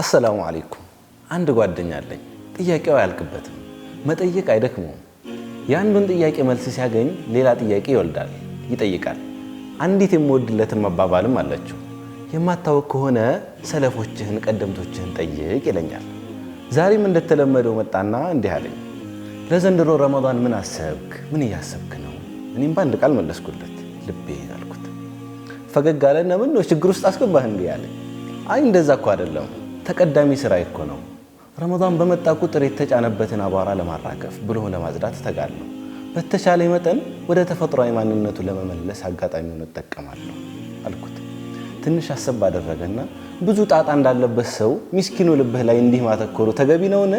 አሰላሙ አለይኩም። አንድ ጓደኛ አለኝ። ጥያቄው አያልቅበትም፣ መጠየቅ አይደክመውም። የአንዱን ጥያቄ መልስ ሲያገኝ ሌላ ጥያቄ ይወልዳል፣ ይጠይቃል። አንዲት የምወድለትን መባባልም አለችው። የማታወቅ ከሆነ ሰለፎችህን፣ ቀደምቶችህን ጠይቅ ይለኛል። ዛሬም እንደተለመደው መጣና እንዲህ አለኝ፣ ለዘንድሮ ረመዳን ምን አሰብክ? ምን እያሰብክ ነው? እኔም በአንድ ቃል መለስኩለት፣ ልቤ አልኩት። ፈገግ አለና ምን ነው ችግር ውስጥ አስገባህ እንዲህ አለኝ። አይ እንደዛ እኮ አይደለም ተቀዳሚ ስራ እኮ ነው። ረመዳን በመጣ ቁጥር የተጫነበትን አቧራ ለማራገፍ ብሎ ለማጽዳት ተጋለሁ። በተሻለ መጠን ወደ ተፈጥሯዊ ማንነቱ ለመመለስ አጋጣሚውን እጠቀማለሁ አልኩት። ትንሽ አሰብ አደረገና ብዙ ጣጣ እንዳለበት ሰው ሚስኪኑ ልብህ ላይ እንዲህ ማተኮሩ ተገቢ ነውን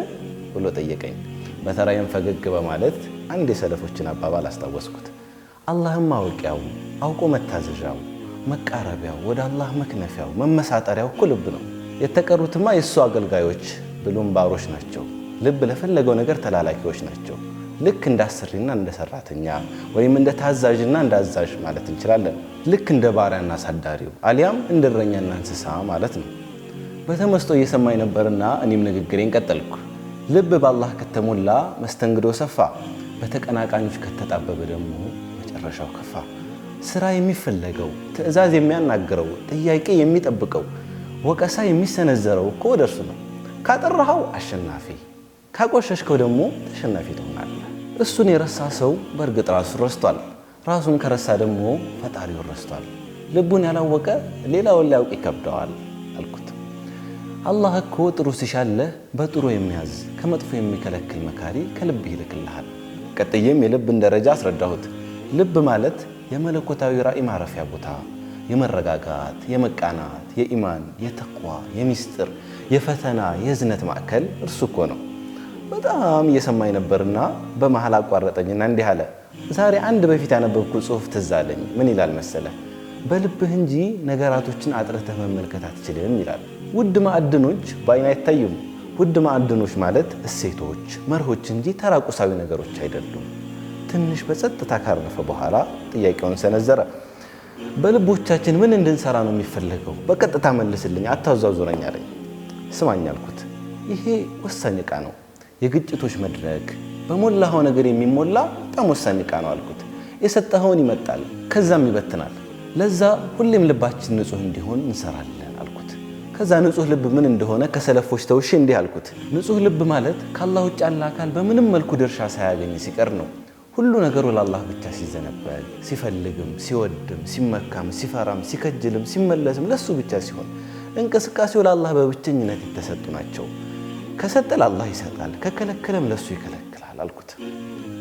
ብሎ ጠየቀኝ። በተራይም ፈገግ በማለት አንድ የሰለፎችን አባባል አስታወስኩት። አላህም ማወቂያው አውቆ መታዘዣው፣ መቃረቢያው፣ ወደ አላህ መክነፊያው፣ መመሳጠሪያው እኮ ልብ ነው። የተቀሩትማ የእሱ አገልጋዮች ብሎም ባሮች ናቸው። ልብ ለፈለገው ነገር ተላላኪዎች ናቸው። ልክ እንደ አሰሪና እንደ ሰራተኛ ወይም እንደ ታዛዥና እንደ አዛዥ ማለት እንችላለን። ልክ እንደ ባሪያና አሳዳሪው አሊያም እንደ እረኛና እንስሳ ማለት ነው። በተመስጦ እየሰማኝ ነበርና እኔም ንግግሬን ቀጠልኩ። ልብ በአላህ ከተሞላ መስተንግዶ ሰፋ፣ በተቀናቃኞች ከተጣበበ ደግሞ መጨረሻው ከፋ። ስራ የሚፈለገው ትዕዛዝ የሚያናግረው ጥያቄ የሚጠብቀው ወቀሳ የሚሰነዘረው እኮ ወደ እርሱ ነው። ካጠራኸው አሸናፊ፣ ካቆሸሽከው ደግሞ ተሸናፊ ትሆናለህ። እሱን የረሳ ሰው በእርግጥ ራሱን ረስቷል። ራሱን ከረሳ ደግሞ ፈጣሪውን ረስቷል። ልቡን ያላወቀ ሌላውን ሊያውቅ ይከብደዋል አልኩት። አላህ እኮ ጥሩ ሲሻለህ በጥሩ የሚያዝ ከመጥፎ የሚከለክል መካሪ ከልብ ይልክልሃል። ቀጥዬም የልብን ደረጃ አስረዳሁት። ልብ ማለት የመለኮታዊ ራእይ ማረፊያ ቦታ የመረጋጋት፣ የመቃናት፣ የኢማን፣ የተኳ የሚስጥር፣ የፈተና፣ የህዝነት ማዕከል እርሱ እኮ ነው። በጣም እየሰማኝ ነበርና በመሀል አቋረጠኝና እንዲህ አለ። ዛሬ አንድ በፊት ያነበብኩ ጽሑፍ ትዝ አለኝ። ምን ይላል መሰለ? በልብህ እንጂ ነገራቶችን አጥርተህ መመልከት አትችልም ይላል። ውድ ማዕድኖች በአይን አይታዩም። ውድ ማዕድኖች ማለት እሴቶች፣ መርሆች እንጂ ተራቁሳዊ ነገሮች አይደሉም። ትንሽ በጸጥታ ካረፈ በኋላ ጥያቄውን ሰነዘረ። በልቦቻችን ምን እንድንሰራ ነው የሚፈለገው? በቀጥታ መልስልኝ፣ አታዟዙረኝ አለኝ። ስማኝ አልኩት። ይሄ ወሳኝ ዕቃ ነው፣ የግጭቶች መድረክ በሞላኸው ነገር የሚሞላ በጣም ወሳኝ ዕቃ ነው አልኩት። የሰጠኸውን ይመጣል፣ ከዛም ይበትናል። ለዛ ሁሌም ልባችን ንጹህ እንዲሆን እንሰራለን አልኩት። ከዛ ንጹህ ልብ ምን እንደሆነ ከሰለፎች ተውሼ እንዲህ አልኩት። ንጹህ ልብ ማለት ከአላህ ውጭ ያለ አካል በምንም መልኩ ድርሻ ሳያገኝ ሲቀር ነው። ሁሉ ነገሩ ለአላህ ብቻ ሲዘነበል ሲፈልግም ሲወድም ሲመካም ሲፈራም ሲከጅልም ሲመለስም ለሱ ብቻ ሲሆን እንቅስቃሴው ለአላህ በብቸኝነት የተሰጡ ናቸው። ከሰጠ ለአላህ ይሰጣል፣ ከከለከለም ለሱ ይከለክላል አልኩት።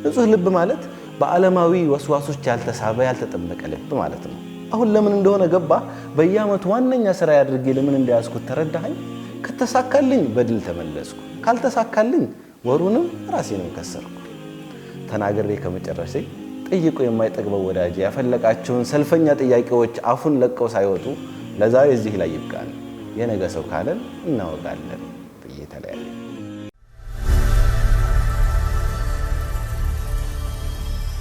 ንጹሕ ልብ ማለት በዓለማዊ ወስዋሶች ያልተሳበ ያልተጠመቀ ልብ ማለት ነው። አሁን ለምን እንደሆነ ገባ። በየዓመቱ ዋነኛ ስራ ያድርጌ ለምን እንዳያስኩ ተረዳኸኝ። ከተሳካልኝ በድል ተመለስኩ፣ ካልተሳካልኝ ወሩንም ራሴንም ከሰርኩ። ተናግሬ ከመጨረሴ ጠይቁ የማይጠግበው ወዳጅ ያፈለቃቸውን ሰልፈኛ ጥያቄዎች አፉን ለቀው ሳይወጡ ለዛሬ እዚህ ላይ ይብቃል። የነገ ሰው ካለን እናወጋለን። ጥዬ ተለያየ።